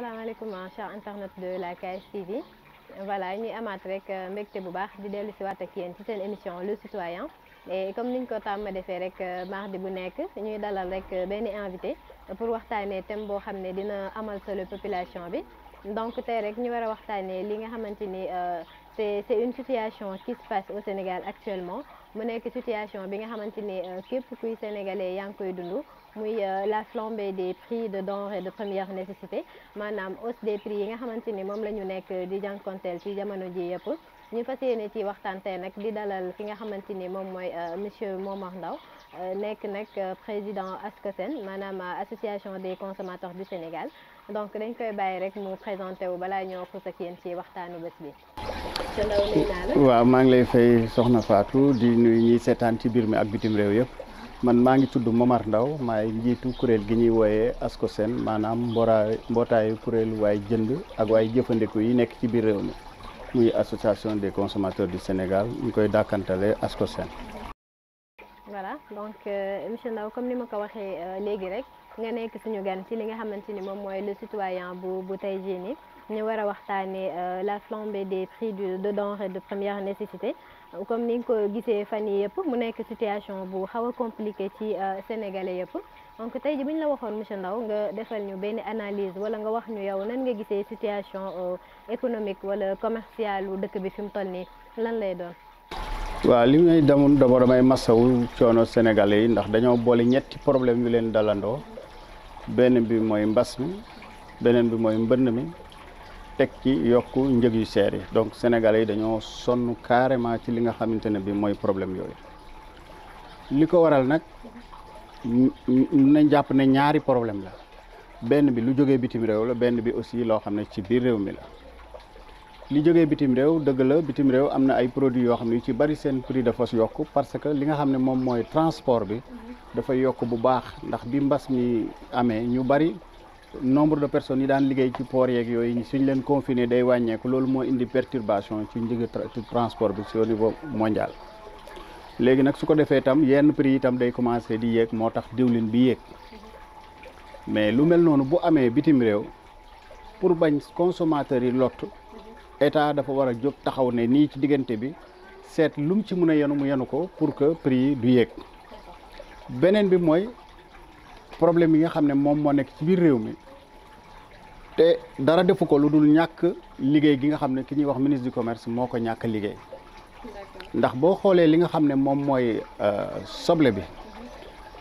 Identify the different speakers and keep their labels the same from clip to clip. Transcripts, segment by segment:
Speaker 1: asalaamaaleykum chers internet de la KSTV voilà ñuy amaat rek euh, mbégte bu baax di dellu si waat ak yéen ci seen émission le citoyen et comme ñu ko tàmm defee rek euh, mardi bu nekk ñuy dalal rek euh, benn invité pour waxtaanee thème boo xam ne dina amal solo population bi donc tey rek ñu war a waxtaanee li nga xamante ni c'est c'est une situation qui se passe au Sénégal actuellement mu nekk situation bi nga xamante ni képp kuy sénégalais yaa ngi koy dund. muy euh, la flambée de prix de denrées de première nécessité maanaam hausse des prix yi nga xamante ni moom la ñu nekk euh, di jànkonteel ci jamono ji yëpp ñu fas yéene ci waxtaan tey nag di dalal ki nga xamante ni moom mooy euh, monsieur Momar Ndao nekk nag président ASCOSEN maanaam association des consommateurs du Sénégal donc dañ koy bàyyi rek mu présenté wu balaa ñoo xuus ak yéen ci waxtaanu bés bi. waaw
Speaker 2: maa ngi lay fay soxna Fatou di nuyu ñiy seetaan ci biir mi ak bitim réew yëpp. man maa ngi tudd Momar Ndaw maay njiitu kuréel gi ñuy wooyee ASCOSEN maanaam mboraay mbootaayu kuréel waay jënd ak waay jëfandiku yi nekk ci biir réew mi muy association des consommateurs du Sénégal ñu koy dàkkantale ASCOSEN.
Speaker 1: voilà donc euh, monsieur Ndaw comme ni ma ko waxee euh, léegi rek nga nekk suñu gan ci li nga xamante ni moom mooy le citoyen bu bu tey ñu war a waxtaanee euh, la flambée des prix du de denrées de première nécessité comme ni nga ko gisee fan yi yëpp mu nekk situation bu xaw a compliqué ci euh, sénégalais yëpp donc tey ji bu ñu la waxoon monsieur Ndao nga defal ñu benn analyse wala nga wax ñu yow nan nga gisee situation euh, économique wala commerciale wu dëkk bi fi mu toll nii lan lay doon.
Speaker 2: waaw li may demoon d'abord damay masawu coono sénégalais yi ndax dañoo boole ñetti problème yu leen dalandoo benn bi mooy mbas mi beneen bi mooy mbënn teg ci yokk njëg yu seer yi donc sénégal yi dañoo sonn carrément ci li nga xamante ne bi mooy problème yooyu li ko waral nag na jàpp ne ñaari problème la benn bi lu jógee bitim réew la benn bi aussi loo xam ne ci biir réew mi la li jógee bitim réew dëgg la bitim réew am na ay produits yoo xam ne yu ci bari seen prix dafa yokk parce que li nga xam ne moom mooy transport bi dafa yokk bu baax ndax bi mbas mi amee ñu bari nombre de personnes yi daan liggéey ci poor yeeg yooyu suñ leen confiné day wàññeeku loolu moo indi perturbation ci njëgu transport bi au niveau mondial léegi nag su ko defee itam yenn prix yi tam day commencé di yéeg moo tax diwlin bi yéeg mais lu mel noonu bu amee bitim réew pour bañ consommateurs yi lot état dafa war a jóg taxaw ne nii ci diggante bi seet lu ci mun a yenu mu yenu ko pour que prix yi du yéeg beneen bi mooy problème yi nga xam ne moom moo nekk ci biir réew mi te dara defu ko lu dul ñàkk liggéey gi nga xam ne ki ñuy wax ministre du commerce moo ko ñàkk liggéey ndax boo xoolee li nga xam ne moom mooy euh, soble bi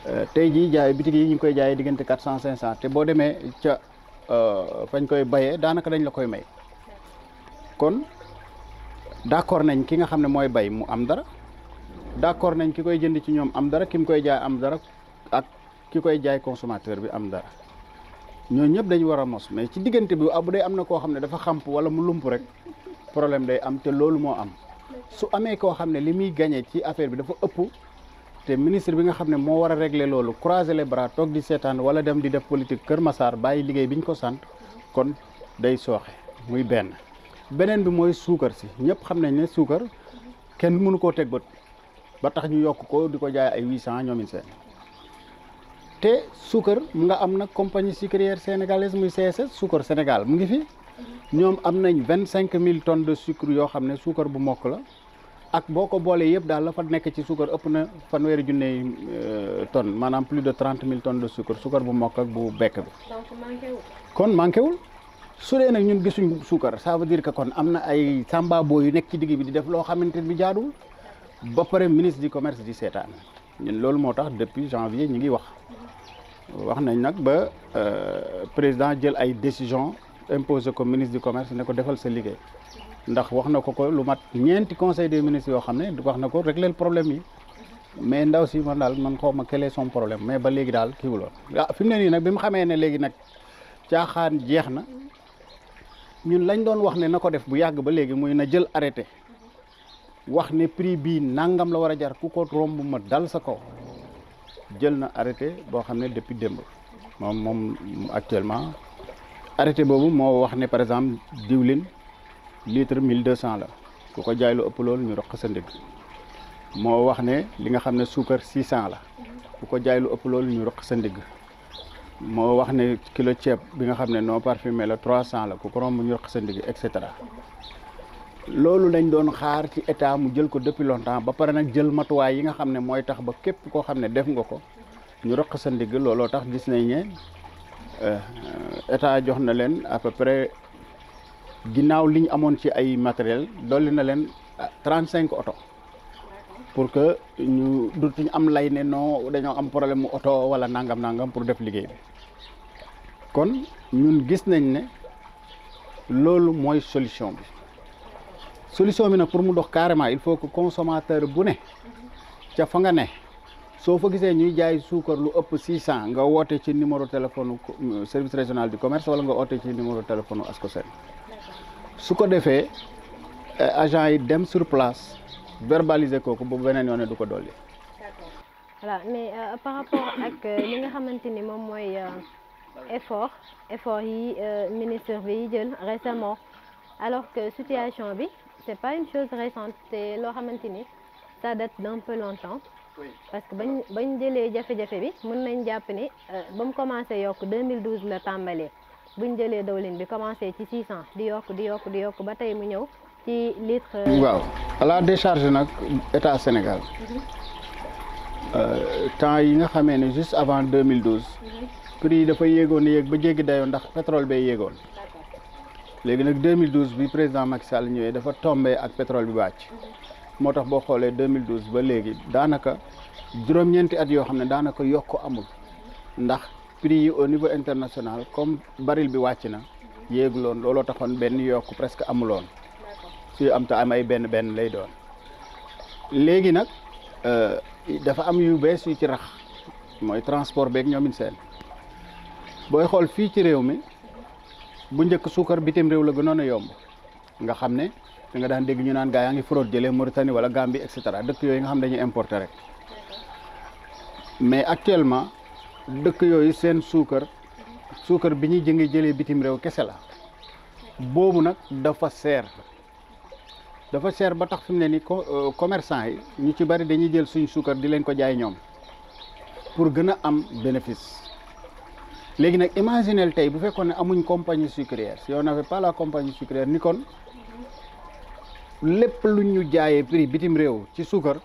Speaker 2: euh, tey jii jaay bitig yi ñu ngi koy jaayee diggante quatre cent cinq cent te boo demee ca euh, fañ koy bayee daanaka dañ la koy may kon d'accord nañ ki nga xam ne mooy bay mu am dara d'accord nañ ki koy jënd ci ñoom am dara ki mu koy jaay am dara ak ki koy jaay consommateur bi am dara ñooñu ñëpp dañu war a mos mais ci diggante bi ah, bu dee am na koo xam ne dafa xamp wala mu lump rek problème day am te loolu moo am su amee koo xam ne li muy gagné ci affaire bi dafa ëpp te ministre bi nga xam ne moo war a régler loolu croiser les bras toog di seetaan wala dem di def politique Kër Massar bàyyi liggéey bi ñu ko sant kon day sooxe muy benn beneen bi mooy suukar si ñëpp xam nañ ne suukar kenn mënu koo teg bët ba tax ñu yokk ko di ko jaay ay huit cent ñoomin te suukar mu nga am na compagnie sucrière sénégalaise muy CSS suukar Sénégal mu ngi fi ñoom am nañ vingt cinq mille tonnes de sucre yoo xam ne suukar bu mokk la ak boo ko boolee yëpp daal la fa nekk ci suukar ëpp na weer fanweeri junney euh, tonnes maanaam plus de trent mille ton de sucre suukar bu mokk ak bu bekk bi. kon manqué wul. su dee nag ñun gisuñ suukar ça veut dire que kon am na ay samba boo yu nekk ci digg bi di def loo xamante ni jaaduwul ba pare ministre du commerce di seetaan ñun loolu moo tax depuis janvier ñu ngi wax. wax nañ nag ba euh, président jël ay décision imposé ko ministre du commerce ne ko defal sa liggéey ndax wax na ko ko lu mat ñeenti conseil des ministres yoo xam ne wax na ko régler problème yi mais ndaw si man daal man xaw ma quel est son problème mais ba léegi daal kiiwuloo ah fi mu ne nii nag bi mu xamee ne léegi nag caaxaan jeex na ñun lañ doon wax ne na ko def bu yàgg ba léegi muy na jël arrêté wax ne prix bii nangam la war a jar ku ko romb dal sa kaw jël na arrêté boo xam ne depuis démb moom moom actuellement arrêté boobu moo wax ne par exemple diwlin litre mille deux cent la ku ko jaay lu ëpp loolu ñu roq sa ndig moo wax ne li nga xam ne suukar six cent la ku ko jaay ëpp loolu ñu roq sa moo wax ne kilo ceeb bi nga xam ne non parfumé la trois cent la ku ko romb ñu roq sa ndig et cetera loolu dañ doon xaar ci état mu jël ko depuis longtemps ba pare nag jël matuwaay yi nga xam ne mooy tax ba képp koo xam ne def nga ko ñu roq sa ndigg looloo tax gis nañ ne euh, état jox na leen à peu près ginnaaw li amoon ci ay matériel dolli na leen euh, trente cinq oto pour que ñu dutuñ am lay ne noo dañoo am problème mu oto wala nangam nangam pour def liggéey bi kon ñun gis nañ ne loolu mooy solution bi solution bi nag pour mu dox carrément il faut que consommateur bu ne ca fa nga ne soo fa gisee ñuy jaay suukar lu ëpp 600 nga woote ci numéro téléphone euh, service régional du commerce wala nga woote ci numéro téléphone ASCOSEN su ko defee euh, agent yi dem sur place verbaliser kooku bu beneen yoon du ko dolli.
Speaker 1: yi mais euh, par rapport ak nga xamante ni moom mooy effort effort yi ministre bi jël récemment alors que situation bi. c'est pas une chose récente te loo xamante ni ça date d'un peu longtemps parce que bañ bañ jëlee jafe-jafe bi mën nañ jàpp ne euh, ba mu commencé yokk 2012 la tàmbalee buñ jëlee dawlin bi commencé ci 600 di yokk di yokk di yokk ba tey mu ñëw ci litre. Euh, waaw
Speaker 2: à la décharge nag état Sénégal euh, temps yi nga xamee ne juste avant 2012 mhm. prix yi dafa yéegoon yéeg ba jéggi dayoon ndax pétrole bay yéegoon. léegi nag 2012 bi président Macky Sall ñëwee dafa tombé ak pétrole bi wàcc moo tax boo xoolee 2012 ba léegi daanaka juróom-ñeenti at yoo xam ne daanaka yokk amul ndax prix yi au niveau international comme baril bi wàcc na yéegloon looloo taxoon benn yokk presque amuloon su am te am ay benn benn lay doon léegi nag euh, dafa am yu bees yu ci rax mooy transport beek ñoomin seen booy xool fii ci réew mi bu njëkk suukar bitim réew la gënoon a yomb nga xam ne da nga daan dégg ñu naan gaa yaa ngi fraude jële Mauritanie wala Gambie et cetera dëkk yooyu nga xam dañuy importer rek mais actuellement dëkk yooyu seen suukar suukar bi ñuy jënge jëlee bitim réew kese la boobu nag dafa seer dafa seer ba tax fi mu ne ni euh, commerçant yi ñu ci bari dañuy jël suñu suukar di leen ko jaay ñoom pour gën a am bénéfice léegi nag imaginel tey bu fekkoon ne amuñ compagnie sucrière si on n'avait pas la compagnie sucrière ni kon lépp lu ñu jaayee prix bitim réew ci suukar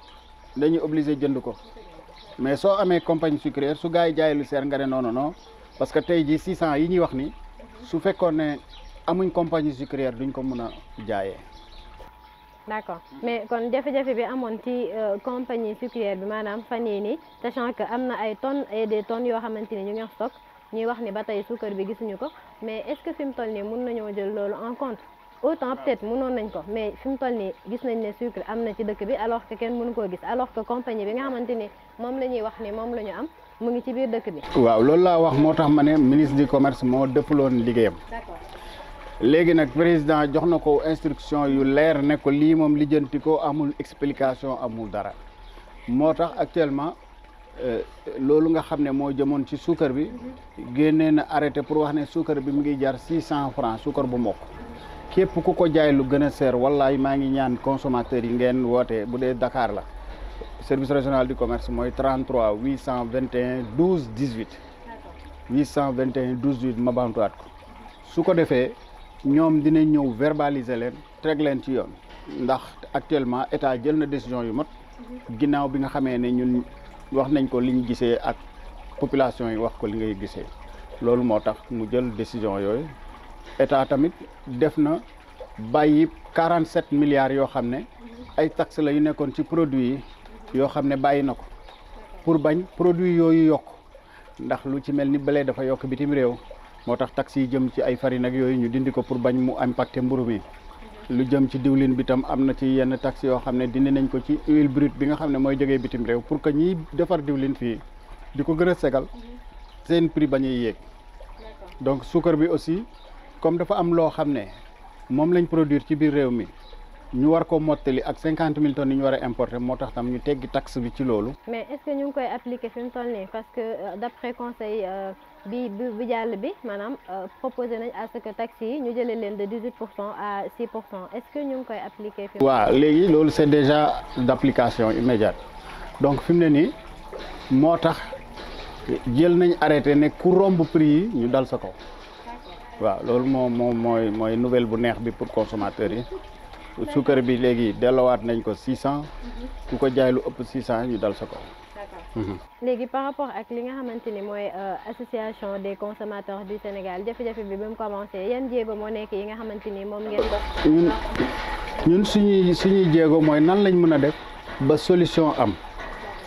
Speaker 2: dañuy obligé jënd ko mais soo amee compagnie sucrière su gars yi jaayee lu seer nga ne non non parce que tey jii six cent yi ñuy wax ni su fekkoon ne amuñ compagnie sucrière duñ ko mën a jaayee.
Speaker 1: d'accord mais kon jafe-jafe bi amoon ci euh, compagnie sucrière bi maanaam fan yii nii sachant am na ay tonnes et des tonnes yoo xamante ni ñu ñuy wax ni ba tey suukar bi gisuñu ko mais est-ce fi mu toll nii mun nañoo jël loolu en compte autant peut-être mënoon nañ ko mais fi mu toll nii gis nañ ne sucre am na ci dëkk bi alors que kenn mënu koo gis alors que compagnie bi nga xamante ni moom la ñuy wax ni moom la ñu am mu ngi ci biir dëkk bi. waaw loolu
Speaker 2: laa wax moo tax ma ne ministre du commerce moo dëppaloon liggéeyam. d'accord léegi nag président jox na ko instruction yu leer ne ko lii moom lijjanti ko amul explication amul dara moo tax actuellement Euh, loolu nga xam ne moo jëmoon ci suukar bi génnee na arrêté pour wax ne suukar bi mu ngi jar six cent francs suukar bu mokk képp ku ko jaay lu gën a seer wallaay maa ngi ñaan consommateur yi ngeen woote bu dee dakaar la service régional du commerce mooy 33 821 12 18 821 12 18 ma bantuwaat ko su ko defee ñoom dinañ ñëw verbaliser leen teg leen ci yoon ndax actuellement état jël na décision yu mot ginnaaw wax nañ ko li ñu gisee ak population yi wax ko li ngay gisee loolu moo tax mu jël décision yooyu état tamit def na bàyyi 47 milliards yoo xam ne ay tax la yu nekkoon ci produit yi yoo xam ne bàyyi na ko pour bañ produit yooyu yokk ndax lu ci mel ni blé dafa yokk bitim réew moo tax taxes yi jëm ci ay farine ak yooyu ñu dindi ko pour bañ mu impacté mburu mi lu jëm ci diwlin bi tam am na ci yenn taxes yoo xam ne dindi nañ ko ci huile brute bi nga xam ne mooy jógee bitim réew pour que ñiy defar diwlin fii di ko gën a segal seen prix ba ñuy yéeg donc suukar bi aussi comme dafa am loo xam ne moom lañ produire ci biir réew mi ñu war ko mottali ak cinquante mille tonnes yi ñu war a importer moo tax tam ñu teggi taxe bi ci loolu.
Speaker 1: mais est ñu ngi koy appliquer fi toll nii parce que euh, d'après conseil. Euh, bi bi bi jàll bi maanaam euh, proposé nañ à ce que taxi yi ñu jëlee leen de 18 pour cent à 6 pour cent est-ce que ñu ngi koy appliqué. waaw
Speaker 2: léegi loolu c'est déjà d'application immédiate donc fi mu ne nii moo tax jël nañ arrêté ne ku romb prix yi ñu dal sa kaw waaw loolu moom moo mooy mooy nouvelle bu neex bi pour consommateur yi suukar bi léegi dellowaat nañ ko 600 ku ko jaay lu ëpp 600 ñu dal sa kaw. Mm-hmm.
Speaker 1: léegi par rapport ak li nga xamante ni mooy euh, association des consommateurs du Sénégal jafe-jafe bi ba mu commencé yan jéego moo nekk yi nga xamante ni moom ngeen dox.
Speaker 2: suñuy jéego mooy nan lañ mën a def ba solution am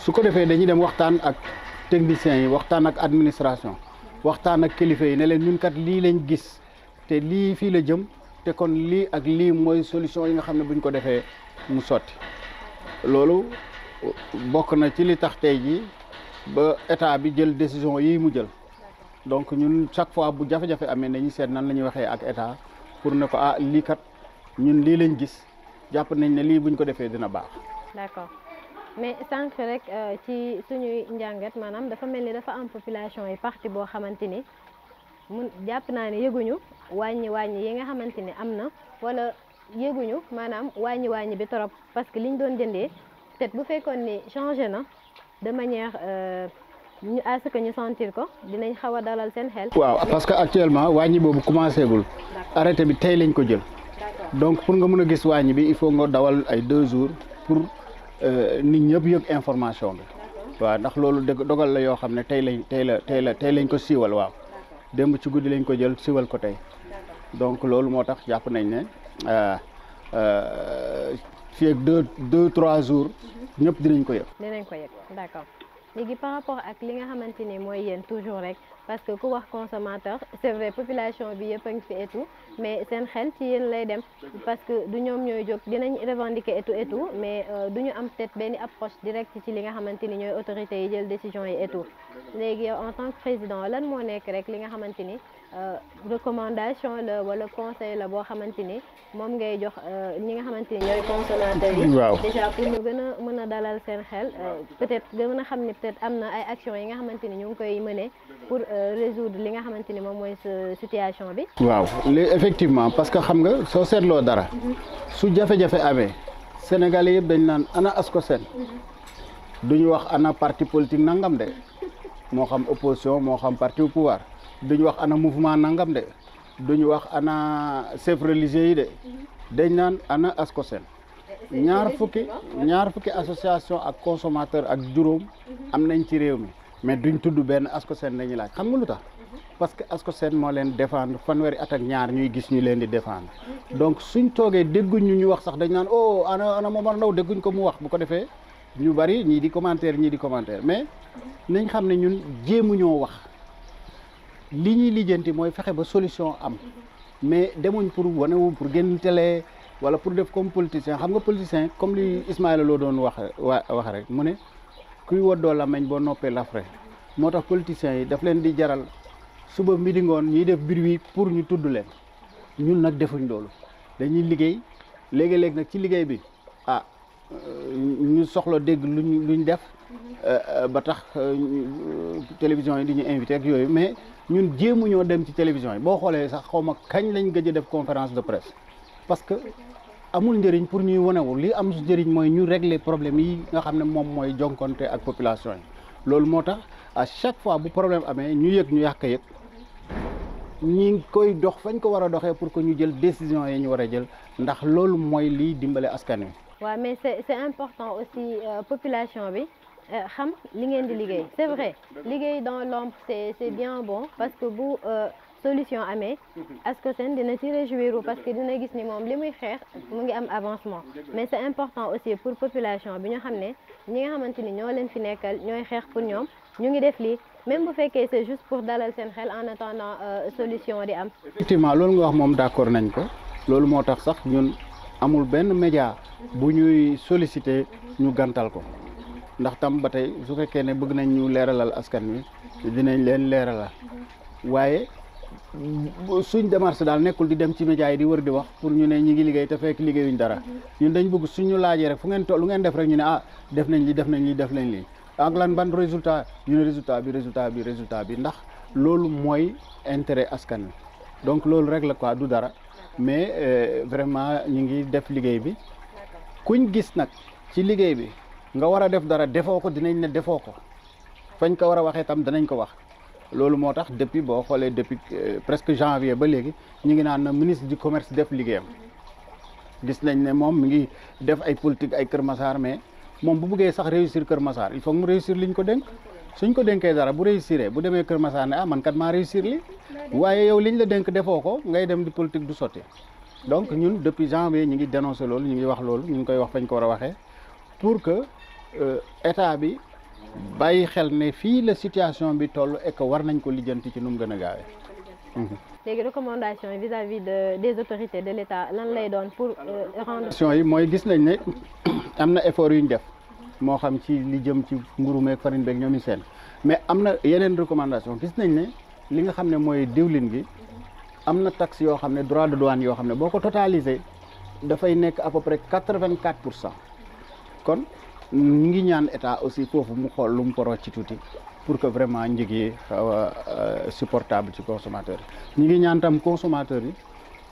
Speaker 2: su ko defee dañuy dem waxtaan ak techniciens yi waxtaan ak administration waxtaan ak kilifa yi ne leen ñun lii lañ gis te lii fii la jëm te kon lii ak lii mooy solution yi nga xam ne buñ ko defee mu sotti loolu. bokk na ci li tax tey jii ba état bi jël décision yi mu jël donc ñun chaque fois bu jafe-jafe amee nañu seet nan la ñuy waxee ak état pour ne ko ah lii kat ñun lii lañ gis jàpp nañ ne lii buñ ko defee dina baax.
Speaker 1: d'accord mais sànq rek euh, ci suñuy njàngat maanaam dafa mel ni dafa am population yi parti boo xamante ni mun jàpp naa ne yëguñu wàññi wàññi yi nga xamante ni am na wala yëguñu maanaam wàññi wàññi bi trop parce que liñ doon jëndee. peut-être bu fekkoon ni changé na de manière euh, ñu à ce que ñu sentir ko dinañ xaw a dalal seen xel. waaw parce
Speaker 2: que actuellement wàññi boobu commencé gul. arrêté bi tey lañ ko jël. donc pour nga mën a gis wàññi bi il faut nga dawal ay deux jours pour euh, nit ñëpp yëg information bi. waaw ndax loolu dëgg dogal la yoo xam ne tey lañ tey la tey la tey lañ ko siiwal waaw. démb ci guddi lañ ko jël siiwal ko tey. donc loolu moo tax jàpp nañ ne. Euh, fii ak deux deux trois jours mhm. ñëpp dinañ ko yëg.
Speaker 1: dinañ ko yëg d'accord léegi par rapport ak li nga xamante ni mooy yéen toujours rek. parce que ku wax consommateur c'est vrai population bi yëpp a ngi fi et mais seen xel ci yéen lay dem parce que du ñoom ñooy jóg dinañ revendiquer et tout et tout mais euh, du ñu am peut-être benn approche direct ci li nga xamante ni ñooy autorité yi jël décision yi et léegi en tant que président lan moo nekk rek li nga xamante ni euh, recommandation la wala conseil la boo xamante ni moom ngay jox euh, ñi nga xamante ni ñooy consommateurs yi waaw déjà pour ñu gën a mën a dalal seen na ay actions nga xamante ni ñu ngi koy li nga xamante ni moom mooy situation bi.
Speaker 2: waaw li effectivement parce que xam nga soo seetloo dara. su jafe-jafe amee Sénégalais yëpp dañ naan ana Ascosen. duñu wax ana parti politique nangam de moo xam opposition moo xam parti au pouvoir duñu wax ana mouvement nangam de duñu wax ana chef religieux yi de dañ naan ana Ascosen ñaar fukki ñaar fukki association ak consomateur ak juróom am nañ ci réew mi. mais duñ tudd benn Ascosen la ñuy laaj xam nga lu tax parce que Ascosen moo leen défendre fanweeri at ak ñaar ñuy gis ñu leen di défendre donc suñ toogee dégguñ ñu ñu wax sax dañ naan oh ana ana Momar Ndao dégguñ ko mu wax bu ko defee ñu bari ñii di commentaire ñii di commentaire mais nañ xam ne ñun jéemuñoo wax li ñuy lijjanti mooy fexe ba solution am mais demuñ pour wanewu pour génn télé wala pour def comme politicien xam nga politicien comme li Ismaïla loo doon wax wax rek mu ne kuy woddoo làmmiñ boo noppee lafre moo tax politiciens yi daf leen di jaral suba midi ngoon ñuy def bir wi pour ñu tudd leen ñun nag defuñ loolu dañuy liggéey léegi-léeg nag ci liggéey bi ah euh, ñu soxla dégg luñ luñ def euh, euh, ba tax télévision yi di ñu invité ak yooyu mais ñun jéemuñoo dem ci télévision yi boo xoolee sax xaw ma kañ lañ gëj a def conférence de presse parce amul njëriñ pour ñuy wanewul li am njëriñ mooy ñu régler problème yi nga xam ne moom mooy jonkonte ak population yi loolu moo tax à chaque fois bu problème amee ñu yëg ñu yàq yëg ñi ngi koy dox fañ ko war a doxee pour que ñu jël décision yi ñu war a jël ndax loolu mooy liy dimbale askan wi.
Speaker 1: waaw mais c'est c'est important aussi euh, population bi euh, xam li ngeen di liggéey c'est vrai liggéey dans l'ombre c'est bien bon parce que bu. Euh, solution amee asko seen dina ci réjouir parce que dina gis ni moom li muy xeex mu ngi am avancement mais c'est important aussi pour population bi ñu xam ne ñi nga xamante ni ñoo leen fi nekkal ñooy xeex pour ñoom ñu ngi def lii même bu fekkee c'est juste pour dalal seen xel en attendant euh, solution di am
Speaker 2: effectivement loolu nga wax moom d'accord nañ ko loolu moo tax sax ñun amul benn média bu ñuy solicité ñu gantal ko ndax tam ba tey su fekkee ne bëgg nañ ñu leeralal askan wi dinañ leen leeralal waaye suñ démarche daal nekkul di dem ci média yi di wër di wax pour ñu ne ñu ngi liggéey te fekk liggéeyuñ dara ñun dañ bëgg suñu laajee rek fu ngeen toll ngeen def rek ñu ne ah def nañ li def nañ li def nañ li ak lan ban résultat ñu ne résultat bi résultat bi résultat bi ndax loolu mooy intérêt askan wi donc loolu rek la quoi du dara mais euh, vraiment ñu ngi def liggéey bi kuñ gis nag ci liggéey bi nga war a def dara defoo ko dinañ ne defoo ko fañ ko war a waxee tam danañ ko wax loolu moo tax depuis boo xoolee depuis euh, presque janvier ba léegi ñu ngi naan na ministre du commerce def liggéeyam gis nañ ne moom mi ngi def ay politique ay Kër Massar mais moom bu buggee sax réussir Kër Massar il faut mu réussir liñ ko dénk suñ ko dénkee dara bu réussiree bu demee Kër Massar ne ah man kat maa réussir li waaye yow liñ la dénk defoo ko ngay dem di politique du sotti donc ñun depuis janvier ñu ngi dénoncé loolu ñu ngi wax loolu ñu ngi koy wax fañ war a waxee pour que euh, état bi bàyyi xel ne fii la situation bi toll et war nañ ko lijjanti ci nu mu gën a gaawee.
Speaker 1: Mhm. léegi recommandation yi vis-à-vis de des autorités de lan lay doon pour euh, rendre.
Speaker 2: yi mooy gis nañ ne am na effort yu ñu def moo xam ci li jëm ci mburu meeg farine beeg ñoom i seen mais am na yeneen recommandation gis nañ ne li nga xam ne mooy diwlin gi am na taxe yoo xam ne droit de douane yoo xam ne boo ko totalisé dafay nekk à peu près quatre-vingt-quatre pour cent kon. ñu ngi ñaan état aussi foofu mu xool lu mu poroo ci tuuti pour que vraiment njëg yi euh, supportable ci consommateur yi ñu ngi ñaan tam consomateur yi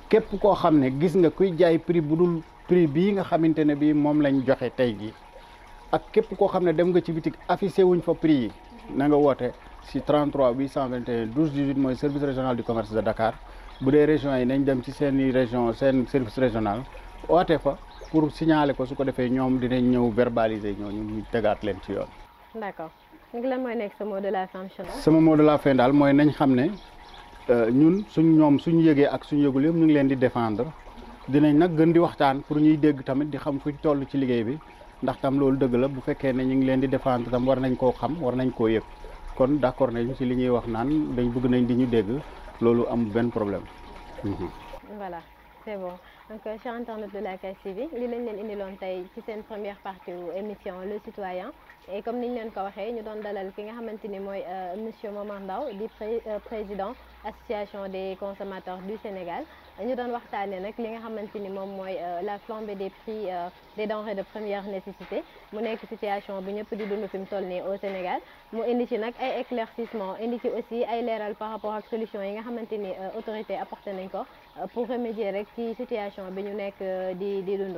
Speaker 2: képp koo xam ne gis nga kuy jaay prix bu dul prix bii nga xamante ne bii moom lañ joxe tey jii ak képp koo xam ne dem nga ci bitik affiché wuñ fa prix yi na nga woote si 33 821 12 18 mooy service régional du commerce de Dakar bu dee régions yi nañ dem ci seeni région seen service régional woote fa pour signaler ko su ko defee ñoom dinañ ñëw verbaliser ñooñu ñu tegaat leen ci yoon.
Speaker 1: d'accord léegi lan mooy nekk sa mot de
Speaker 2: sama mot de la fin daal mooy nañ xam ne euh, ñun suñ ñoom suñu yëgee ak suñu yëgul yëpp ñu ngi leen di défendre dinañ nag gën di waxtaan pour ñuy dégg tamit di xam fuñ toll ci liggéey bi ndax loolu dëgg la bu fekkee ne ñu ngi leen di défendre tam war nañ koo xam war nañ koo yëg kon d'accord nañ ci li ñuy wax naan dañ bëgg nañ di ñu dégg loolu am benn problème.
Speaker 1: donc cher euh, internaute de la KS TV li leen leen indiloon tey ci seen première partie wu émission le citoyen et comme niñ leen ko waxee ñu doon dalal ki nga xamante ni mooy euh, monsieur Momar Ndao di euh, président association des consommateurs du Sénégal ñu doon waxtaanee nag li nga xamante ni moom mooy la flambée des prix des denrées de première nécessité mu nekk situation bi ñëpp di dund fi mu toll nii au Sénégal mu indi ci nag ay éclaircissement indi ci aussi ay leeral par rapport ak solution yi nga xamante ni autorité apporté nañ ko pour remédier rek ci situation bi ñu nekk euh, di di dund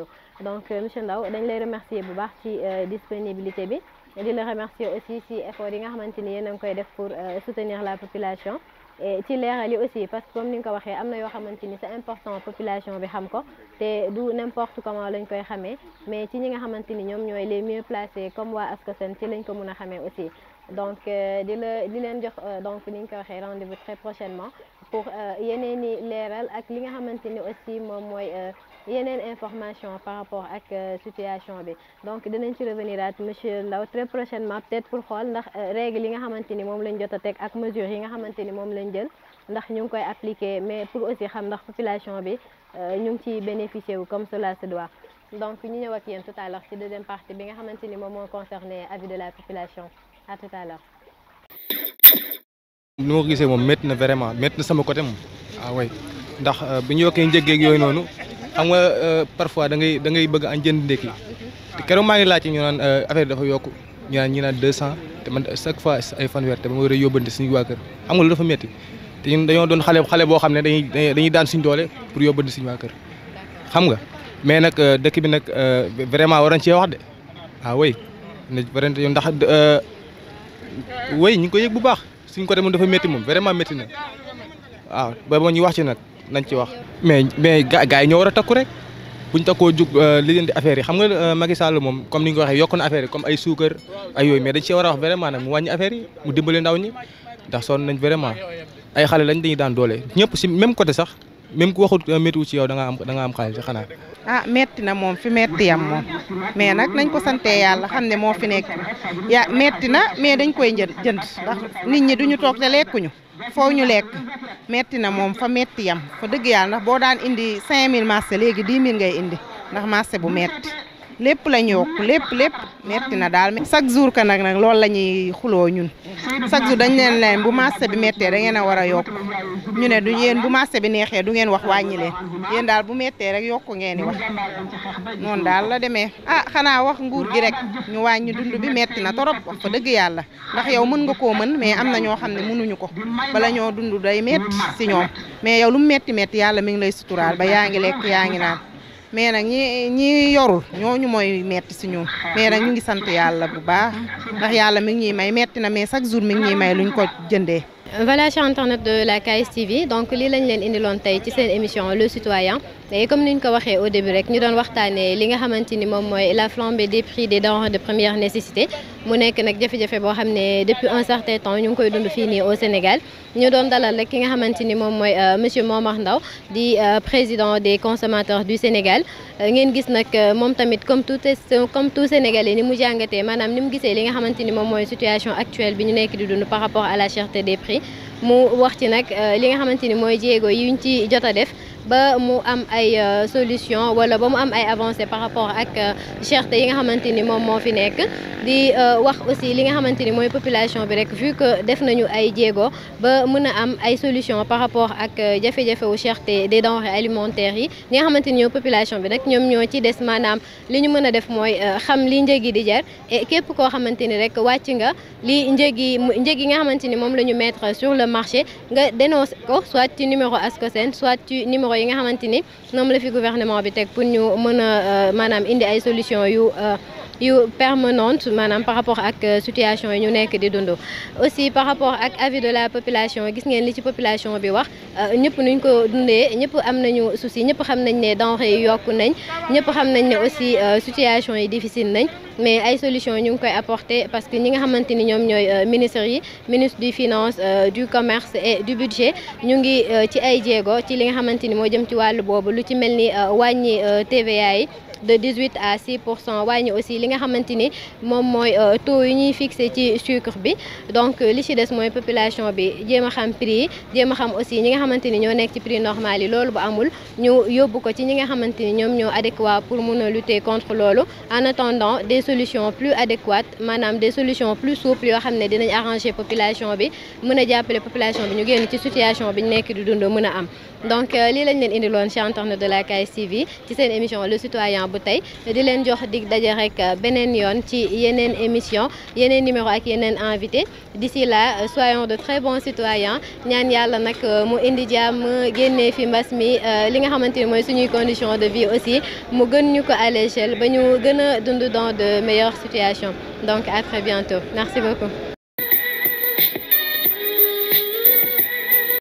Speaker 1: donc euh, monsieur ndaw dañ lay remercier bu baax ci euh, disponibilité bi di la remercier aussi ci effort yi nga xamante ni yéen a koy def pour soutenir la population et ci leeral yi aussi parce que comme ni nga ko waxee am na yoo xamante ni c'est important population bi xam ko te du n'importe comment lañ koy xamee mais ci ñi nga xamante ni ñoom ñooy les mieux placés comme waa ASCOSEN ci lañ ko mun a xame aussi donc di la di leen jox donc ni ñu ko waxee rendez-vous très prochainement pour euh, yeneen i leeral ak li nga xamante ni aussi moom mooy euh, yeneen information par rapport ak euh, situation bi donc dinañ ci revenir at monsieur Ndao très prochainement peut-être pour xool ndax règle yi nga xamante ni moom lañ jot a teg ak mesures yi nga xamante ni moom lañ jël ndax ñu ngi koy appliquer mais pour aussi xam ndax population bi ñu ngi ciy bénéficier wu comme cela se doit donc ñu ñëw ak yéen tout à l'heure ci deuxième partie bi nga xamante ni moom moo concerné avis de la population à tout
Speaker 2: li ma gisee moom métti na vraiment métti na sama côté moom ah way ndax euh, bu ñu yokkee njëggeeg yooyu noonu xam nga euh, parfois da ngay da ngay bëgg añ jënd ndékki te keroog maa ngi laajte ñu naan euh, affaire dafa yokk ñu naan naan deux cent te man chaque fois ay fanweer te ma war suñu waa kër xam nga lu dafa métti te ñun dañoo doon xale xale boo xam ne dañuy dañuy daan suñ doole pour yóbbante suñu waa kër xam nga mais nag dëkk bi nag vraiment war nañ cee wax de ah way ne vraiment ndax way ñu ngi ko yëg bu baax suñ côté moom dafa métti moom vraiment métti na waaw ba moo ñuy wax ci nag nañ ci wax. mais mais gars yi ñoo war a takku rek buñ takkoo jug euh, li leen di affaire yi xam nga euh, Macky Sall moom comme ni nga ko waxee yokk na affaire comme ay suukar ay yooyu mais dañ cee war a wax vraiment nag mu wàññi affaire mu dimbale ndaw ñi ndax sonn nañ vraiment ay xale lañ dañuy daan doole ñëpp si même côté sax. même ku waxut euh, métti ci yow
Speaker 3: danga am da nga am xaalis xanaa. ah metti na moom fi metti yam moom mais nag nañ ko sante yàlla xam ne moo fi nekk ya metti na mais dañ koy jënd jënd ndax nit ñi duñu toog te lekkuñu foo ñu lekk metti na moom fa metti yam fa dëgg yàlla ndax boo daan indi 5000 marché léegi di 000 ngay indi ndax marché bu metti lépp lañ yokk lépp lépp metti na daal chaque jour que nag nag loolu la ñuy xuloo ñun chaque jour dañ leen leen bu marché bi mettee da ngeen a war a yokk ñu ne du yéen bu marché bi neexee du ngeen wax wàññi leen yéen daal bu mettee rek yokk ngeen di wax noonu daal la demee ah xanaa wax nguur gi rek ñu wàññi dund bi metti na torop wax fa dëgg yàlla ndax yow mën nga koo mën mais am na ñoo xam ne mënuñu ko bala ñoo dund day metti si ñoom mais yow lu mu metti metti yàlla mi ngi lay suturaal ba yaa ngi lekk yaa ngi naan mais nag ñi ñi yorul ñooñu mooy metti si ñun mais nag ñu ngi sant yàlla bu baax ndax yàlla mi ngi ñuy may metti na mais chaque jour mi ngi ñuy may luñ ko jëndee.
Speaker 1: voilà chers internautes de la KS donc lii lañ leen indiloon tey ci seen émission le citoyen. mais comme ni ñu ko waxee au début rek ñu doon waxtaanee li nga xamante ni moom mooy la flambée des prix des denrées de première nécessité mu nekk nag jafe-jafe boo xam ne depuis un certain temps ñu ngi koy dund fii nii au Sénégal ñu doon dalal rek ki nga xamante ni moom mooy euh, monsieur Momar Ndao di euh, président des consommateurs du Sénégal euh, ngeen gis nag moom tamit comme tout comme tout Sénégalais ni mu jàngatee maanaam ni mu gisee li nga xamante ni moom mooy situation actuelle bi ñu nekk di dund par rapport à la cherté des prix wax ci nag li nga xamante ni mooy jéego yuñ ci jot a def ba mu am ay euh, solution wala ba mu am ay avancé par rapport ak euh, cherté yi nga xamante ni moom moo fi nekk di euh, wax aussi li nga xamante ni mooy population bi rek vu que def nañu ay jéego ba mën a am ay solution par rapport ak jafe-jafe wu cherté des denrées alimentaires yi ñi nga xamante ni ñoo population bi nag ñoom ñoo ci des maanaam li ñu mën a def mooy xam li njëg yi di jar képp koo xamante ni rek wàcc nga li njëg yi njëg yi nga xamante ni moom la ñu mettre sur le marché nga dénonce ko soit ci numéro Ascosen soit ci numéro yi nga xamante ni ñoom la fi gouvernement bi teg pour ñu mën a euh, maanaam indi ay solution yu euh, yu permanente maanaam par rapport ak euh, situation yi ñu nekk di dund aussi par rapport ak avis de la population gis ngeen li ci population bi wax euh, ñëpp nuñ ko dundee ñëpp am nañu souci ñëpp xam nañ ne denrées yi yokku nañ ñëpp xam nañ ne aussi euh, situation yi difficile nañ mais ay solution ñu ngi koy apporter parce que ñi nga xamante ni ñoom ñooy ministres yi ministre du finance du commerce et du budget ñu ngi ci ay jéego ci li nga xamante ni moo jëm ci wàllu boobu lu ci mel ni wàññi TVA yi de 18 à 6 pour cent wàññi aussi li nga xamante ni moom mooy euh, taux yu ñuy fixé ci sucre bi donc li ci des mooy population bi jéem a xam prix yi jéem a xam aussi ñi nga xamante ni ñoo nekk ci prix normal yi loolu bu amul ñu yóbbu ko ci ñi nga xamante ni ñoom ñoo adéquat pour mun a lutter contre loolu en attendant des solutions plus adéquates maanaam des solutions plus souples yoo xam ne dinañ arranger population bi mën a jàppale population b ñu génn ci situation bi ñu nekk di dund mën am donc euh, lii lañ leen indiloon ci internet de la KS TV ci matin bu tey di leen jox dig daje rek euh, beneen yoon ci yeneen émission yeneen numéro ak yeneen invité d'ici là euh, soyons de très bons citoyens ñaan yàlla nag euh, mu indi jàmm génnee fi mbas mi li nga xamante ni mooy suñuy condition de vie aussi mu gën ñu ko à l'échelle ba ñu gën a dund dans de meilleures situations donc à bientôt merci beaucoup